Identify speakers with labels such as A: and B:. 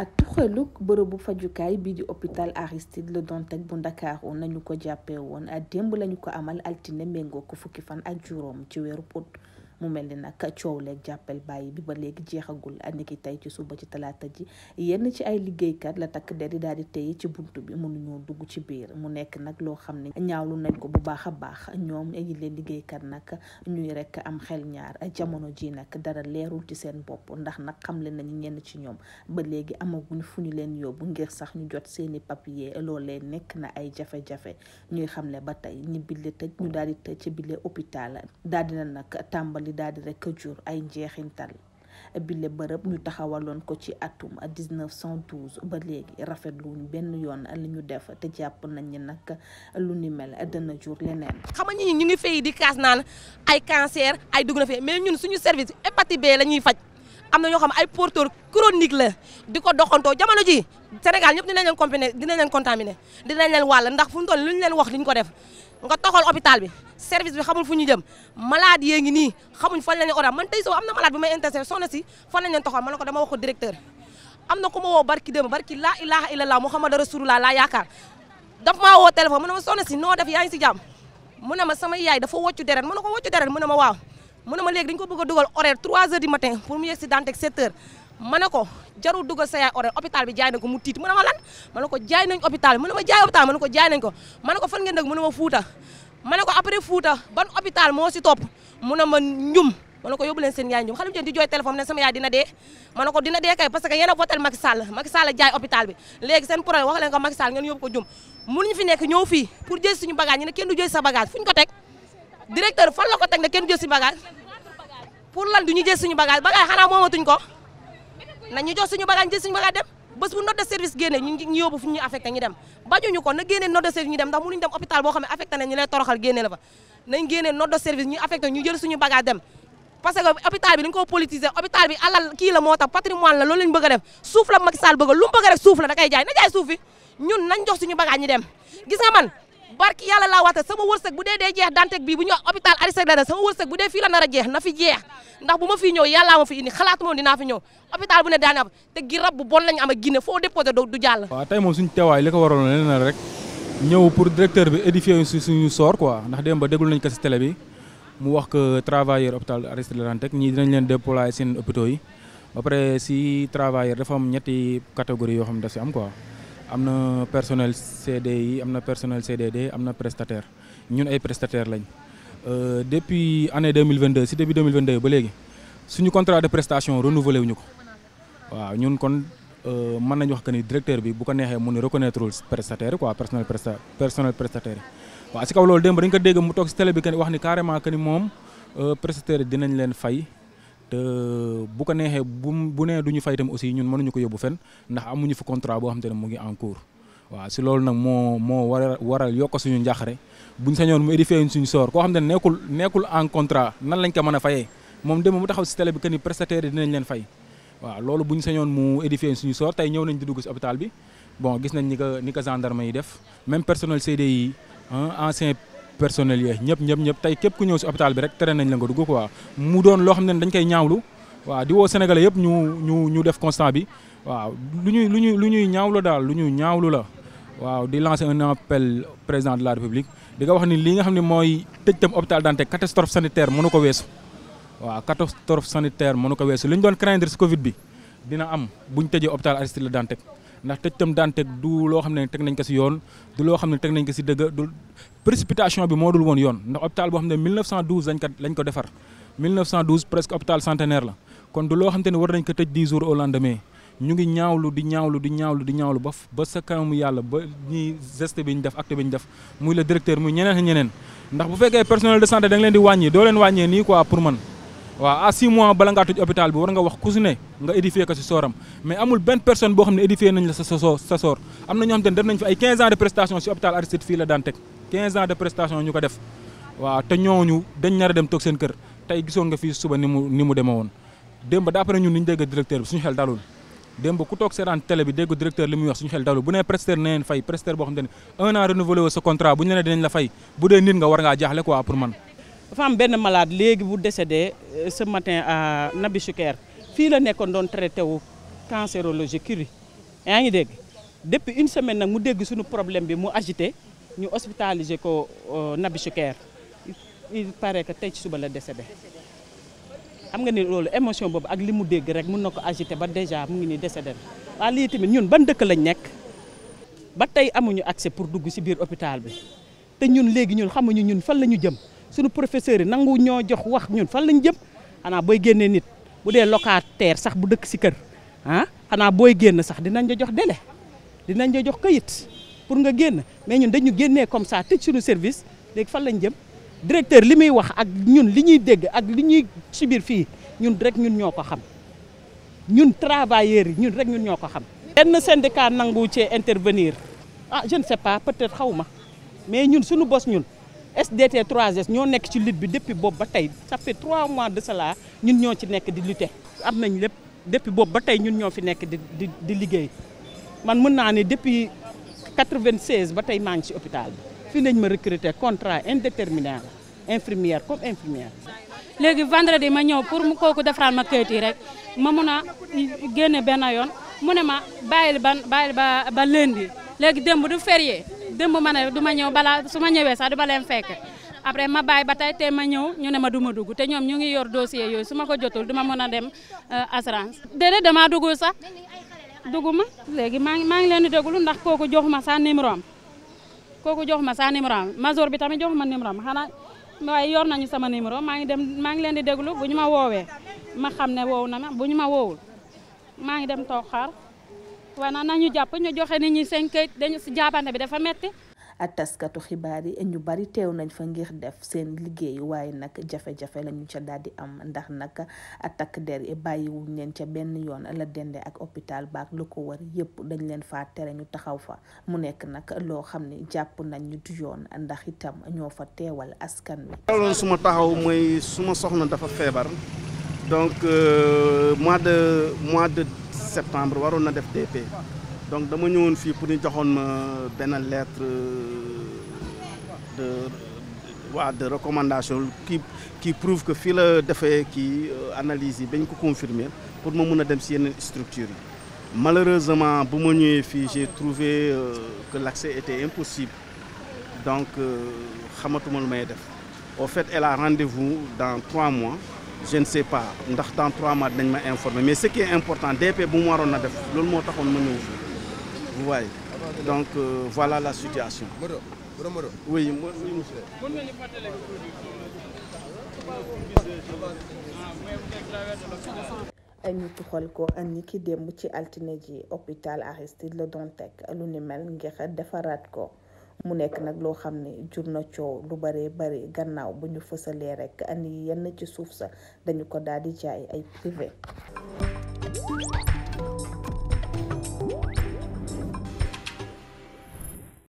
A: ak tuxaluk bërëbu fajukaay bii di hôpital Aristide la doon Dantec bu ndakaaru nañu ko jàppe woon ak démb lañu ko amal altine méngoo ko fukki fan ak juróom ci weeru pot mu mel ni nag coow leeg jàppel bàyyi bi ba léegi jeexagul andi ki tey ci suba ci talaata ji yenn ci ay liggéeykat la takk der yi daal di tey ci buntu bi mënuñoo dugg ci biir mu nekk nag loo xam ne ñaawlu nañ ko bu baax a baax ñoom yi leen liggéeykat nag ñuy rek am xel ñaar jamono ji nag dara leerul ci seen bopp ndax nag xam leen nañu ñenn ci ñoom ba léegi amaguñ fu ñu leen yóbbu ngir sax ñu jot seeni papier loolee nekk na ay jafe-jafe ñuy xamle ba tey ñi bile tëj ñu daal di ci bile hôpital daal dina nag tàmbali li daal di rek jur ay njeexintal bile bërëb ñu taxawaloon ko ci atum 1912 ba léegi rafetlu ñu benn yoon a li ñu def te jàpp nañ ni nag lu ni mel dana jur leneen.
B: xam nga ñi ñu ngi fay di kaas naan ay cancer ay dugg na fee mais ñun suñu service hépatite B la ñuy faj am na ñoo xam ay porteur chronique la di ko doxantoo jamono ji Sénégal ñëpp dinañ leen contaminé dina leen contaminé dinañ leen wàll ndax fu mu toll lu ñu leen wax ñu ko def. nga toxal hôpital bi service bi xamul fu ñu jëm malade yee ngi nii xamuñ fan la ñu oram man tey soo am na malade bi may intéressé soxna si fan la ñu ma ne dama wax directeur am na ku ma woo barki démb barki laa ilaha illallah muhammadu rasulullah laa yaakaar daf maa woo téléphone mu ne ma soxna si noo def yaa ngi si jàmm mu ne ma sama yaay dafa woccu deret mu ne ko woccu deret mu ne ma waaw mu ne ma léegi dañu ko bëgg dugal horaire 3 heures du matin pour mu yegg si ma ne ko jarul dugal sa yaay ore bi jaay nañ ko mu tiit ma lan ma ne ko jaay nañ hôpital bi mu ne ma jaay hôpital ma ko jaay nañ ko ma ne ko fan ngeen dëkk mu ma Fuuta ma ko après Fuuta ban hôpital moo si topp mu ne ma Njum ma ne ko yóbbu leen seen yaay Njum xale bu di jooy téléphone ne sama yaay dina dee ma ne ko dina dee kay parce que yéen a votel Macky Sall Macky Sall jaay hôpital bi léegi seen problème wax leen ko Macky Sall ngeen yóbbu ko Njum mënuñu fi nekk ñëw fii pour jël suñu bagage ñu ne kenn du jël sa bagage fu ñu ko teg directeur ko teg ne kenn jël suñu bagage pour lan du ñu jël suñu bagage bagage xanaa moomatuñ ko nañu jox suñu bagage jël suñu bagage dem bés bu note de service génne ñu ñu yóbbu fu ñu affecté ñu dem bajuñu ko na génne note service ñu dem ndax mënuñu dem na ñu lay service ñu affecté ñu jël dem parce que bi dañ ko politiser bi alal kii la patrimoine la loolu lañ bëgg a def suuf la Macky Sall bëgg lu mu bëgg rek suuf la na jaay suuf fi ñun barki yàlla laa waxta sama wërsëg bu dee dee jeex dantek bii bu ñu hôpital Aristide Le sama wërsëg bu dee fii la nar a jeex na fi jeex ndax bu ma fii ñëw yàllaa ma fi indi xalaat moom dinaa fi ñëw hôpital bu ne daane am te gi rab bu bon lañu am ak Guinée foo déposé du jàll
C: waaw tey moom suñu teewaay li ko waroon leneen la rek bi édifier su suñu sort dem ba déglu nañ ko si télé bi mu wax que travailleur hôpital Aristide Le Dantec ñii dinañ leen déployer seen hôpitaux yi ba pare si travailleur dafa am ñetti catégorie yoo xam ne daf si am quoi am na personnel CDI am na personnel CDD am na prestataire ñun ay prestataire lañ euh, depuis année 2022 si début 2022 ba léegi suñu contrat de prestation renouvelé wuñu ko waaw ñun kon euh, mën nañu wax que ni directeur bi bu ko neexee mu ne reconnaître prestataire quoi personnel presta personnel prestataire waaw si kaw loolu démb dañu ko dégg mu toog si télé bi que ni wax ni carrément que ni moom euh, prestataire dinañ leen fay. te bu ko neexee bu bu nee du ñu fay itam aussi ñun mënuñu ko yóbbu fen ndax amuñu fi contrat boo xam ne mu ngi en cours si loolu nag moo moo war a war yokk suñu njaaxare buñ sañoon mu édifié suñu soor koo xam ne nekkul nekkul en contrat nan lañ ko mën a fayee moom dem mu taxaw si télé bi que ni prestataire yi dinañ leen fay waaw loolu buñ sañoon mu édifié suñu soor tey ñëw nañ di dugg si hôpital bi gis nañ ni ko ni ko gendarme yi def même personnel CDI ancien personnel yeeg ñëpp ñëpp ñëpp tey képp ku ñëw si hôpital bi rek tere nañ la nga dugg quoi mu doon loo xam ne dañ koy ñaawlu waaw di woo sénégalais yëpp ñu ñu ñu def constat bi waaw lu ñuy lu ñuy lu ñuy ñaawlu daal lu ñuy ñaawlu la waaw di lancer un appel président de la république di nga wax ni li nga xam ne mooy tem hôpital Dantec catastrophe sanitaire mënu ko weesu waaw catastrophe sanitaire mënu ko weesu li ñu doon craindre si Covid bi dina am buñ tëjee hôpital Aristide ndax tëj tam daan teg du loo xam ne teg nañ ko si yoon du loo xam ne teg nañ ko si dëgg du précipitation bi moo dul woon yoon ndax hôpital boo xam ne 1912 lañ ko ko defar 1912 presque hôpital centenaire la kon du loo xam te ne war nañ ko tëj 10 jours au lendemain ñu ngi ñaawlu di ñaawlu di ñaawlu di ñaawlu ba ba sa kanamu yàlla ba ñi geste bi ñu def acte bi ñu def muy le directeur muy ñeneen ñeneen ndax bu fekkee personnel de santé da leen di wàññi doo leen wàññee nii quoi pour man waaw à six mois bala ngaa toj hôpital bi war nga wax ku si ne nga édifier ko si sooram mais amul benn personne boo xam ne édifier nañ la sa soor am na ñoo xam te ne def nañ fi ay 15 ans de prestation si hôpital Aristide fii la daan teg 15 ans de prestation ñu ko def waaw te ñooñu dañ nar a dem toog seen kër tey gisoon nga fii suba ni mu ni woon démb d'après ñun ni ñu dégg directeur bi suñu xel dalul démb ku toog seetaan télé bi dégg directeur dafa am benn malaad
D: léegi bu décédé euh, ce matin à Nabi fii la nekkoon doon traité wu cancérologie curie yaa ngi dégg depuis une semaine nag mu dégg suñu problème bi mu agité ñu hospitalisé ko euh, Nabi Choucair que tey ci suba la xam nga ni loolu émotion boobu ak li mu dégg rek mun na ko agité ba déjà mu ngi ni décédé la waaw lii tamit ñun ban dëkk lañ nekk ba tey amuñu accès pour dugg si biir hôpital bi te ñun léegi ñun xamuñu ñun fan la ñu jëm sunu professeurs yi nangu ñoo jox wax ñun fan lañ jëm xanaa booy génnee nit bu dee locataire sax bu dëkk si kër ah xanaa booy génn sax dinañ la jox délai dinañ la jox kayit pour nga génn mais ñun dañu génnee comme ça tëj suñu service léegi fan lañ jëm directeur li muy wax ak ñun li ñuy dégg ak li ñuy subir fii ñun direk ñun ñoo ko xam ñun travailleurs yi ñun rek ñun ñoo ko xam. benn syndicat nangu cee intervenir ah je ne pas peut-être xawma mais ñun suñu bos ñun. SDT trois s ñoo nekk ci lutte bi depuis boobu ba tey ça fait 3 mois de cela ñun ñoo ci nekk di lutter am nañ lépp depuis boobu ba tey ñun ñoo fi nekk di di di liggéey man mën naa ne depuis 96 ba tey maa ngi ci hôpital bi fii lañ ma recruter contrat indéterminé infirmière comme infirmière.
B: léegi vendredi ma ñëw pour mu kooku defaraat ma kayit yi rek ma mun a génne benn yoon mu ne ma bàyyil ba bàyyil ba ba lundi léegi démb du férié. démb ma ne du ma ñëw balaa su ma ñëwee sax du ma leen fekk après ma bàyyi ba tey te ma ñëw ñu ne ma du ma dugg te ñoom ñu ngi yor dossier yooyu su ma ko jotul du ma mën a dem euh, assurance. déedéet damaa duggul sax dugguma léegi maa ngi maa ngi leen di déglu ndax kooku joxuma sa numéro am kooku joxuma sa numéro am major bi tamit joxuma numéro am xanaa waaye yor nañu sama numéro maa ngi dem maa ngi leen di déglu bu ñu ma woowee ma xam ne woowu na ma bu ñu ma woowul maa ngi dem toog xaar. waaye nag nañu jàpp ñu joxe nit ñi seen këyit dañu si jaabante bi dafa metti
A: ak taskatu xibaar yi ñu bari teew nañ fa ngir def seen liggéey waaye nag jafe-jafe lañu ca daal di am ndax nag takk der yi bàyyiwuñ leen ca benn yoon la dende ak hôpital baak lu ko war yépp dañ leen faa tere ñu taxaw fa mu nekk nag loo xam ne jàpp nañ ñu du yoon ndax itam ñoo fa teewal askan wi. suma taxaw mooy
D: suma soxna dafa feebar donc euh, mois de mois de septembre waroon na def DP donc dama ñëwoon fii pour ñu joxoon ma benn lettre euh, de waa de recommandation qui qui prouve que fii la defee kii euh, analyse yi bañ ko confirmer pour ma mun a dem si yenn structure yi malheureusement bu ma ñëwee fii j'ai trouver euh, que l'accès était impossible donc euh, xamatuma lu may def au fait elle la rendez-vous dans trois mois je ne sais pas ndax dans trois mois dañ ma informer mais ce qui est important DP bu mu waroon na def loolu moo taxoon ma ñëw vous donc euh, voilà la situation. oui monsieur.
A: ñu tuxal ko ni ki démb ci altine ji hôpital Aristide doon Le Dantec lu ni mel ngir defaraat ko. mu nekk nag loo xam ne jur na coow lu baree bari gannaaw bu ñu rekk rek yi yenn ci suuf sa dañu ko daal jaay ay privé